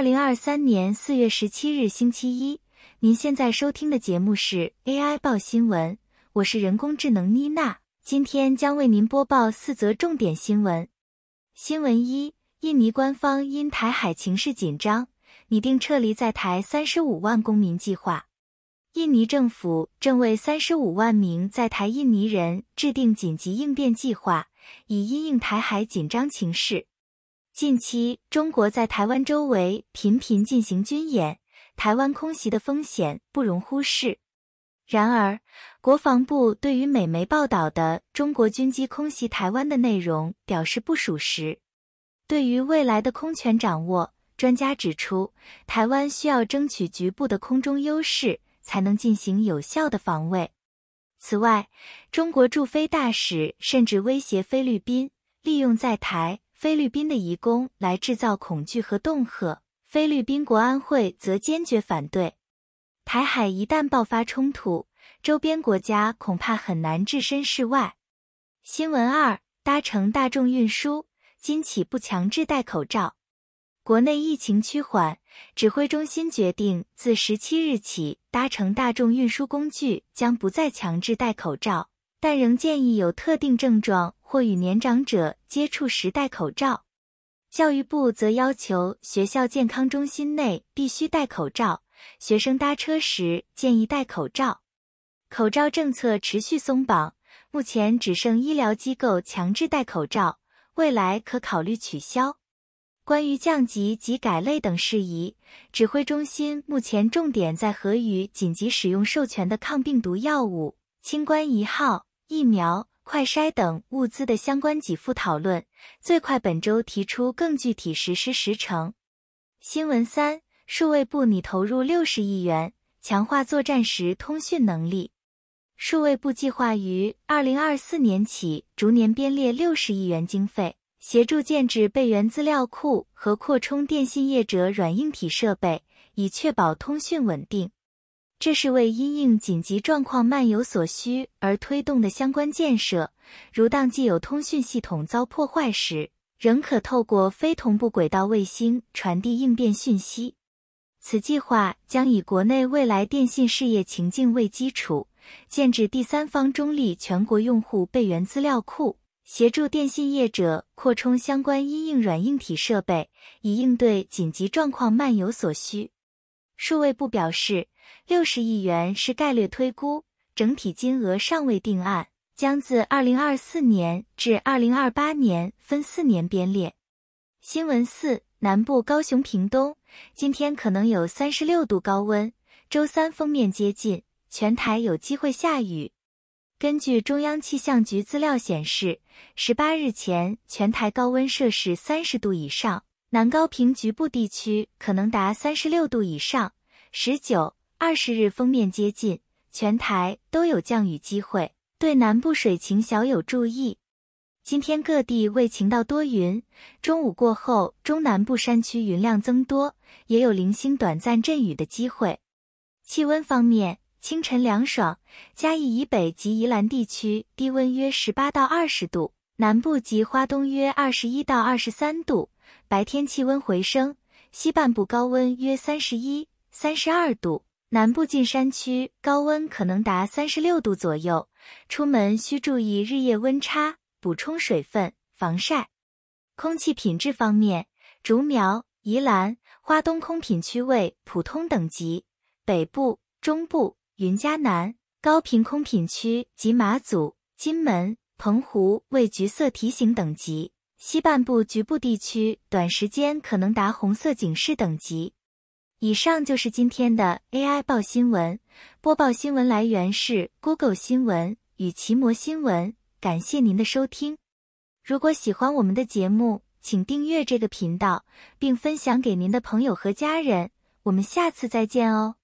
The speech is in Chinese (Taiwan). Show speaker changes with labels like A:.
A: 二零二三年四月十七日星期一，您現在收聽的節目是 AI 報新聞，我是人工智能妮娜，今天將為您播報四則重點新聞。新聞一：印尼官方因台海情勢緊張，擬定撤離在台三十五萬公民計劃。印尼政府正為三十五萬名在台印尼人制定緊急應變計劃，以因應台海緊張情勢。近期，中國在台灣周圍頻頻進行軍演，台灣空襲的風險不容忽視。然而，國防部對於美媒報道的中國軍機空襲台灣的內容表示不屬實。對於未來的空權掌握，專家指出，台灣需要爭取局部的空中優勢，才能進行有效的防衛。此外，中國駐菲大使甚至威脅菲律賓，利用在台菲律賓的移工來製造恐懼和恫嚇，菲律賓國安會則堅決反對。台海一旦爆發衝突，周邊國家恐怕很難置身事外。新聞二：搭乘大眾運輸，今起不強制戴口罩。國內疫情趨緩，指揮中心決定自十七日起，搭乘大眾運輸工具將不再強制戴口罩。但仍建議有特定症狀或與年長者接觸時戴口罩。教育部則要求學校健康中心內必須戴口罩，學生搭車時建議戴口罩。口罩政策持續鬆綁，目前只剩醫療機構強制戴口罩，未來可考慮取消。關於降級及改類等事宜，指揮中心目前重點在核予緊急使用授權的抗病毒藥物“清冠一號”。疫苗快篩等物資的相關給付討論，最快本周提出更具體實施時程。新聞三：數位部擬投入六十億元，強化作戰時通訊能力。數位部計劃於二零二四年起逐年編列六十億元經費，協助建置備援資料庫和擴充電信業者軟硬體設備，以確保通訊穩定。這是為因應緊急狀況漫遊所需而推動的相關建設，如當既有通訊系統遭破壞時，仍可透過非同步軌道衛星傳遞應變訊息。此計劃將以國內未來電信事業情境為基礎，建置第三方中立全國用戶備援資料庫，協助電信業者擴充相關因應軟硬體設備，以應對緊急狀況漫遊所需。數位部表示，六十億元是概略推估，整體金額尚未定案，將自二零二四年至二零二八年分四年編列。新聞四，南部高雄屏東今天可能有三十六度高溫，週三鋒面接近，全台有機會下雨。根據中央氣象局資料顯示，十八日前全台高溫攝氏三十度以上。南高屏局部地區可能達三十六度以上。十九、二十日鋒面接近，全台都有降雨機會，對南部水情小有注意。今天各地為晴到多雲，中午過後中南部山區雲量增多，也有零星短暫陣雨的機會。氣溫方面，清晨涼爽，嘉義以北及宜蘭地區低溫約十八到二十度，南部及花東約二十一到二十三度。白天氣溫回升，西半部高溫約三十一、三十二度，南部近山區高溫可能達三十六度左右。出門需注意日夜溫差，補充水分，防曬。空氣品質方面，竹苗、宜蘭、花東空品區為普通等級，北部、中部、雲嘉南、高屏空品區及馬祖、金門、澎湖為橘色提醒等級。西半部局部地區短時間可能達紅色警示等級。以上就是今天的 AI 報新聞。播報新聞來源是 Google 新聞與奇摩新聞。感謝您的收聽。如果喜歡我們的節目，請訂閱這個頻道，並分享給您的朋友和家人。我們下次再見哦。